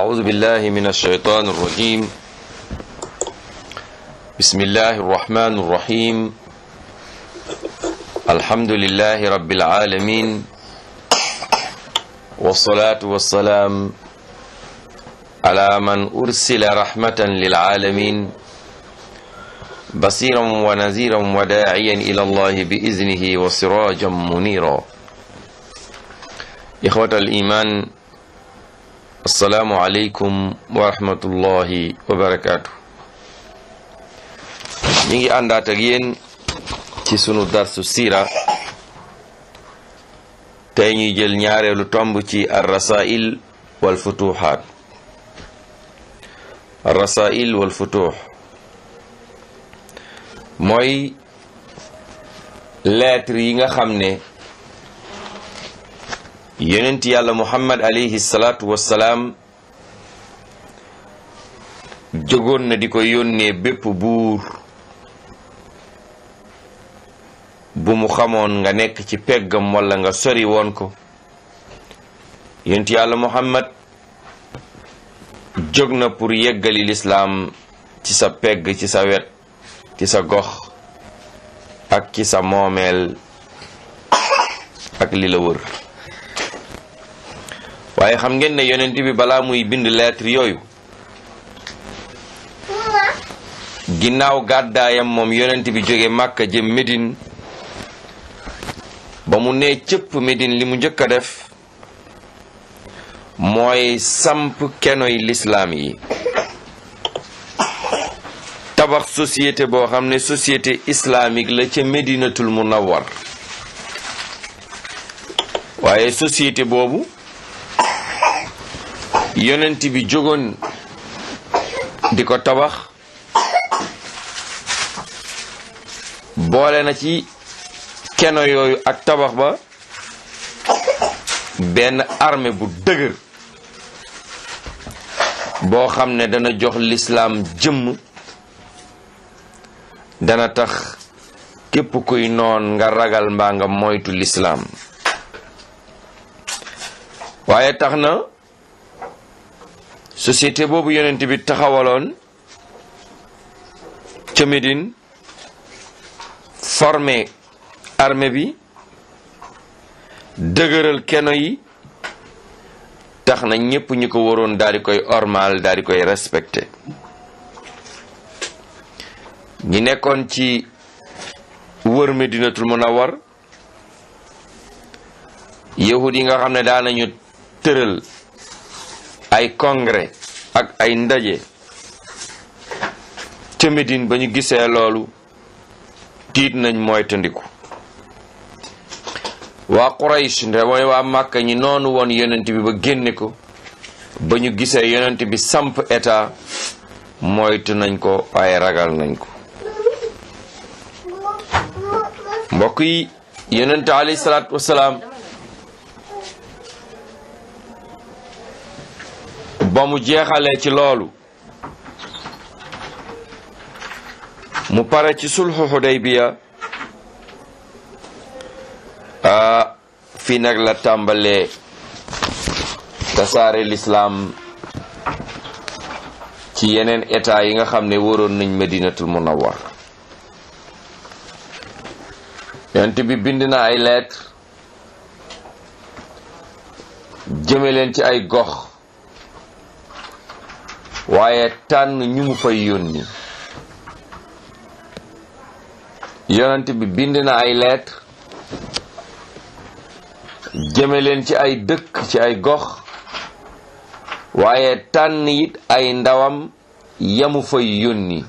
أعوذ بالله من الشيطان الرجيم بسم الله الرحمن الرحيم الحمد لله رب العالمين والصلاة والسلام على من أرسل رحمة للعالمين بصيرا ونذيرا وداعيا إلى الله بإذنه وسراجا منيرا إخوة الإيمان asalaamualeykum wa rahmatullahi wa barakaatu. ñu ngi àndaat ak yéen ci sunu darsu siira tey ñuy jël ñaareelu tomb ci arrasail wal futuxaat arrasail wal futux mooy lettre yi nga xam ne yonent yàlla muhammad alayhi salaatu salaam jógoon na di ko yónnee bépp buur bu mu xamoon nga nekk ci peggam walla nga sori woon ko yonent yàlla muhammad jóg na pour yeggali lislaam ci sa pegg ci sa wet ci sa gox ak ci sa moomeel ak li la wër waaye xam ngeen ne yonent bi balaa muy bind lettre yooyu ginnaaw gàddaayam moom yonent bi jóge Màkka jëm Médine ba mu nee cëpp Médine li mu njëkk a def mooy samp kenoy lislaam yi tabax société boo xam ne société islamique la ci Médinatul Munawwar waaye société boobu yonent bi jógoon di ko tabax boole na ci keno yooyu ak tabax ba benn armée bu dëgër boo xam ne dana jox lislaam jëmm dana tax képp kuy noon nga ragal mbaa nga moytu lislaam waaye tax na société boobu yonent bi taxawaloon ca formé armée bi dëgëral keno yi tax na ñépp ñu ko waroon daal di koy ormal daal di koy respecté ñi nekkoon ci wër a Munawwar yahud yi nga xam ne daanañu tëral ay congrès ak ay ndaje cëmidin Médine ba ñu gisee loolu tiit nañ moytandiku waa Quraysh nde waa Màkka ñi noonu woon yonent bi ba génne ko ba ñu gisee yonent bi samp état moytu nañ ko waaye ragal nañ ko mbokk yi yonent alayhi salaatu wasalaam ba mu jeexalee ci loolu mu pare ci sulxu xudaybiya ah fii nag la tàmbalee tasaare lislaam ci yeneen état yi nga xam ne waroon nañ madinatul munawwar yonent bi bind na ay lettre jëme leen ci ay gox waaye tànn ñu mu fay yónni yonent bi bind na ay lettre jëme leen ci ay dëkk ci ay gox waaye tànn it ay ndawam yamu fay yónni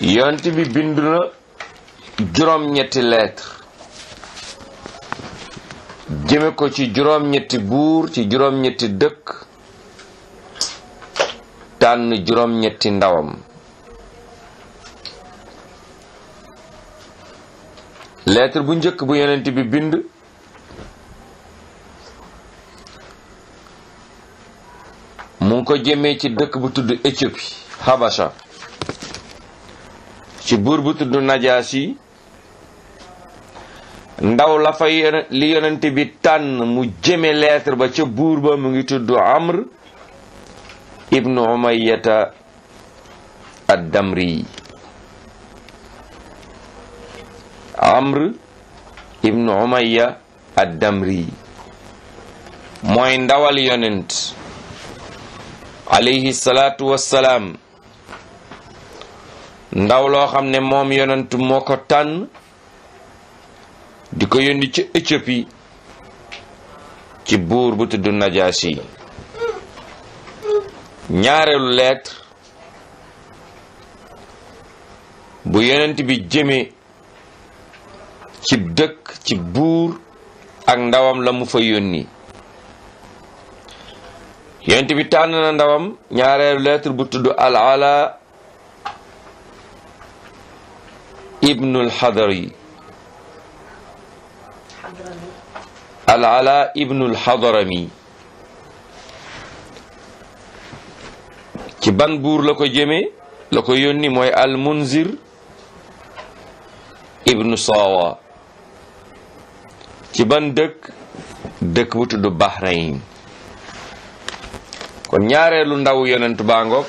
yonent bi bind na juróom-ñetti lettre jëme ko ci juróom-ñetti buur ci juróom-ñetti dëkk tànn juróom-ñetti ndawam lettre bu njëkk bu yonent bi bind mu ngi ko jëmee ci dëkk bu tudd Éthiopie Habasha ci buur bu tudd najaas yi ndaw la fa li yonent bi tànn mu jëme lettre ba ca buur ba mu ngi tudd Amr ibnu umayyata ad-damri amr ibnu umayya ad-damri mooy ndawal yonent alayhi wassalaam ndaw loo xam ne moom yonent moo ko tànn di ko yónni ci Éthiopie ci buur bu tudd Najaasi ñaareelu lettre bu yonent bi jëmee ci dëkk ci buur ak ndawam la mu fa yónni yonent bi tànn na ndawam ñaareelu lettre bu tudd al ala ibnul xadari al ala ibnul xadarami ci ban buur la ko jëmee la ko yónni mooy al munzir ibnu sawa ci ban dëkk dëkk bu tudd bahrain kon ñaareelu ndaw yonentu baa ngoog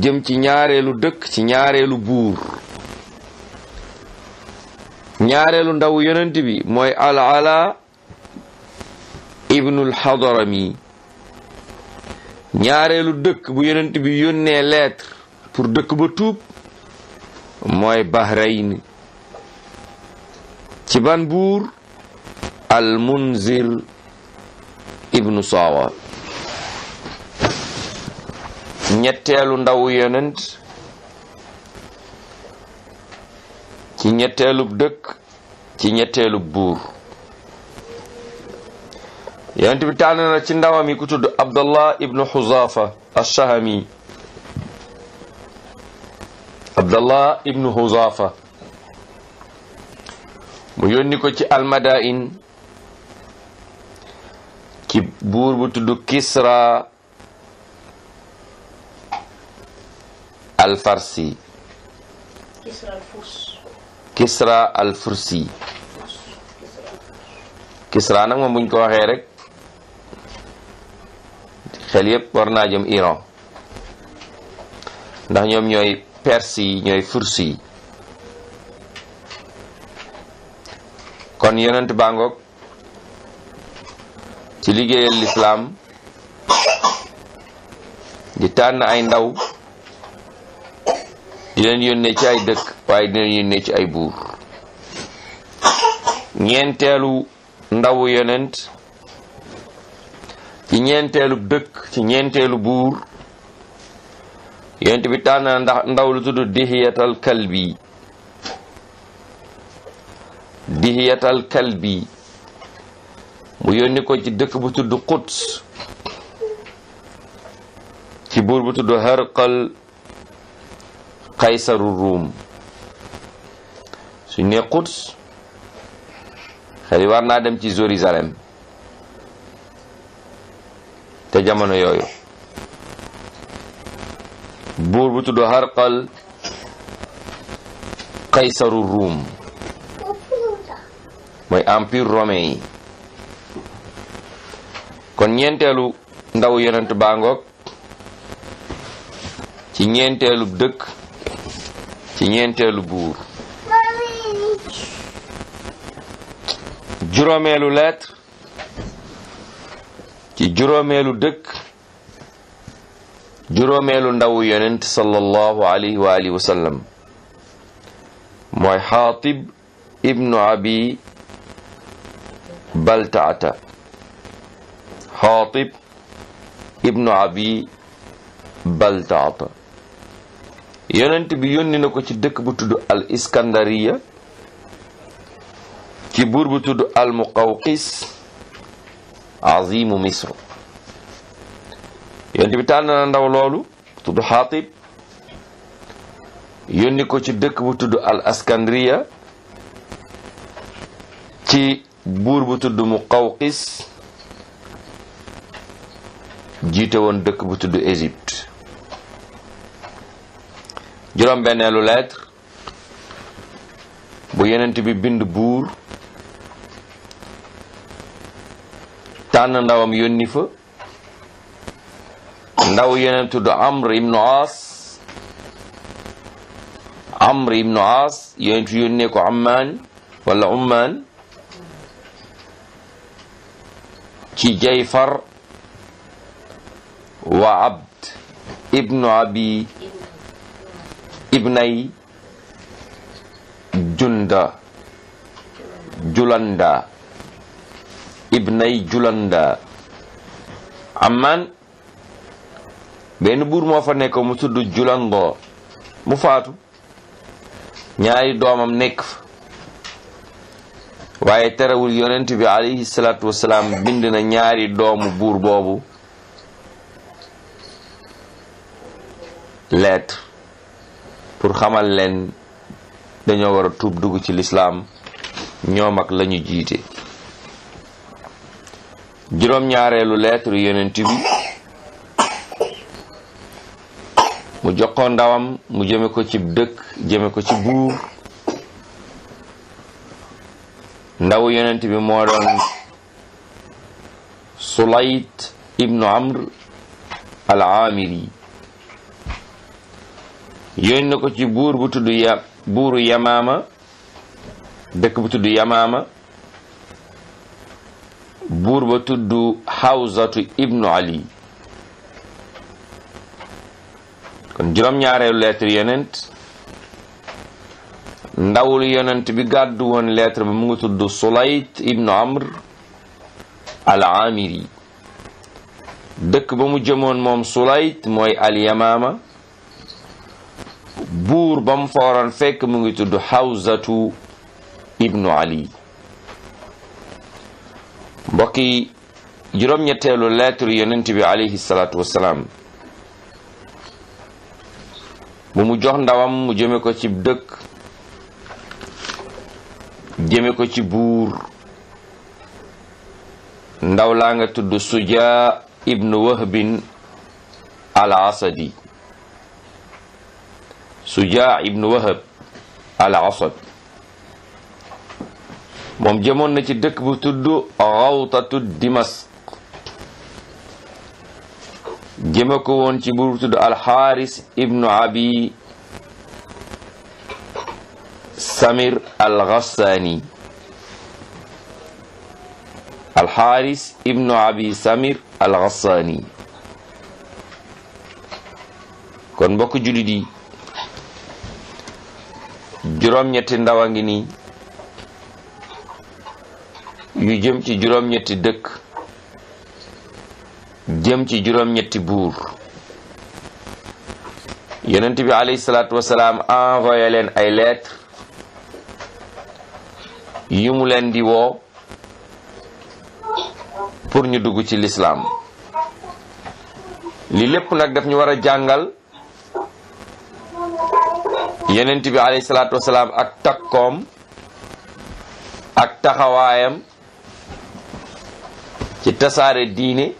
jëm ci ñaareelu dëkk ci ñaareelu buur ñaareelu ndaw yonent bi mooy al ala ibnul hadarami ñaareelu dëkk bu yonent bi yónnee lettre pour dëkk ba tuub mooy Bahrayn ci ban buur al munzir ibnu saawa ñetteelu ndawu yonent ci ñetteelub dëkk ci ñetteelu buur yonent bi tànn ci ndawam yi ku tudd abdallah ibnu xuzaafa alsahami abdallah ko ci almadain ci buur bu tudd kisra alfarsi kisra alfursi kisra nag moom buñ ko waxee rek xel yépp war naa jëm Iran ndax ñoom ñooy persi yi ñooy yi kon yonent bàngoog ci liggéeyal lislaam di tànn ay ndaw di leen yónnee ci ay dëkk waaye di leen ci ay buur ñeenteelu ndaw yonent ci ñeenteelu dëkk ci ñeenteelu buur yonent bi tànn ndax ndaw lu tudd dihiyatal kalbi dihiyatal kalbi mu yónni ko ci dëkk bu tudd Quds ci buur bu tudd Harqal kaysaru ruum su ne Quds xel war naa dem ci Jérusalem te jamono yooyu buur bu tudd Harqal kaysaru ruum mooy empire romain yi kon ñeenteelu ndaw yonent baangoog ci ñeenteelu dëkk ci ñeenteelu buur juróomeelu lettre juróomeelu dëkk juróomeelu ndawu yonent sallallahu alayhi wa mooy xaatib ibnu abi baltaata xaatib ibnu abi baltaata yonent bi yónni na ko ci dëkk bu tudd al iskandariya ci buur bu tudd al muqawqis azimu misr yonent bi tànn ndaw loolu tudd xaatib yónni ko ci dëkk bu tudd al askandriya ci buur bu tudd muqawqis jiite woon dëkk bu tudd Égypte juróom benneelu lettre bu yonent bi bind buur tànn ndawam yónni fa ndaw yeneen tudd Amr ibnu Aas Amr Aas yeneen tu wala Umman ci Jayfar wa Abd ibnu Abi ibnay Junda Julanda ibnay julanda amman benn buur moo fa nekk mu tudd julando mu faatu ñaari doomam nekk fa waaye terewul yonent bi alayhi salaatu wasalaam bind na ñaari doomu buur boobu leet pour xamal leen dañoo war a tuub dugg ci lislaam ñoom ak la ñu jiite juróom-ñaareelu lettre yonent bi mu jokkoon ko ndawam mu jëme ko ci dëkk jëme ko ci buur ndaw yonent bi moo doon sulayt ibnu amr al amiri yónni na ko ci buur bu tudd ya buuru yamaama dëkk bu tudd yamaama buur ba tudd Hawzatu ibnu Ali kon juróom-ñaareelu lettre yonent ndawul yonent bi gàddu woon lettre bi mu ngi tudd Sulayt ibnu Amr al-Amiri dëkk ba mu jëmoon moom Sulayt mooy al-Yamaama buur ba mu fa fekk mu ngi tudd Hawzatu ibnu Ali mbokk yi juróom-ñetteelu lettre yonent bi alayhi salaatu wasalaam bu mu jox ndawam mu jëme ko ci dëkk jëme ko ci buur ndaw laa nga tudd Sujaa ibnu Wahbin al Asadi Sujaa ibnu Wahab al Asad moom jëmoon na ci dëkk bu tudd xawtatu dimask jëme ko woon ci buur bu tudd alxaaris ibnu abi samir alxaaris ibnu abi samir alxassaani kon mbokk jullit yi juróom-ñetti ndaw a ngi nii yu jëm ci juróom-ñetti dëkk jëm ci juróom-ñetti buur yonent bi alayhi salaatu wasalaam envoyé leen ay lettre yu mu leen di woo pour ñu dugg ci lislaam li lépp nag daf ñu war a jàngal yenent bi alayhi salaatu wasalaam ak takkoom ak taxawaayam ci tasaare diine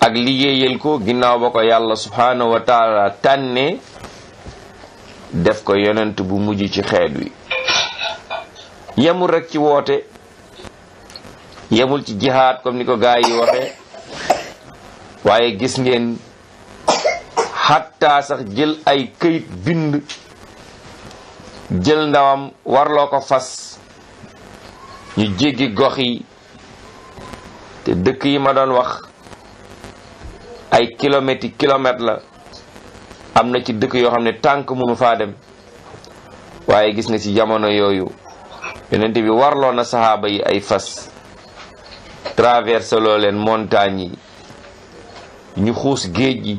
ak liggéeyal ko ginnaaw ba ko yàlla subhaanahu wa tànnee def ko yonent bu mujj ci xeet wi yemul rekk ci woote yemul ci jihaad comme ni ko gaa yi waxe waaye gis ngeen xattaa sax jël ay këyit bind jël ndawam warloo ko fas ñu jéggi gox yi te dëkk yi ma doon wax ay kilomètres yi la am na ci dëkk yoo xam ne tànk mënu faa dem waaye gis nga ci jamono yooyu yonent bi warloon na saxaaba yi ay fas traversé loo leen montagnes yi ñu xuus géej gi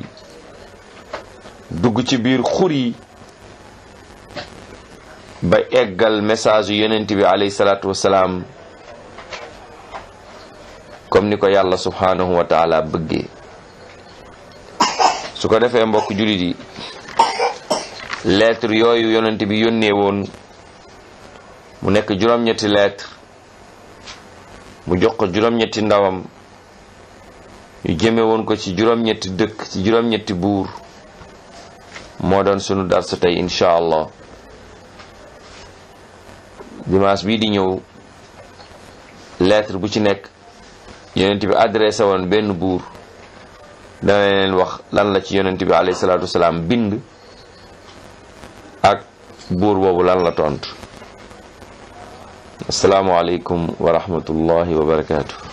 dugg ci biir xur yi ba eggal message yu yonent bi alayhi salaatu wasalaam comme ni ko yàlla subhaanahu wa taala bëggee su ko defee mbokk jullit yi lettre yooyu yonent bi yónnee woon mu nekk juróom-ñetti lettre mu jox ko juróom-ñetti ndawam ñu jëme woon ko ci juróom-ñetti dëkk ci juróom-ñetti buur moo doon sunu darsa tey incha allah dimanche bii di ñëw lettre bu ci nekk yonent bi adressé woon benn buur dana wax lan la ci yonent bi alayhi salaatu wasalaam bind ak buur boobu lan la tontu asalaamualeykum wa rahmatullahi wa barakaatu.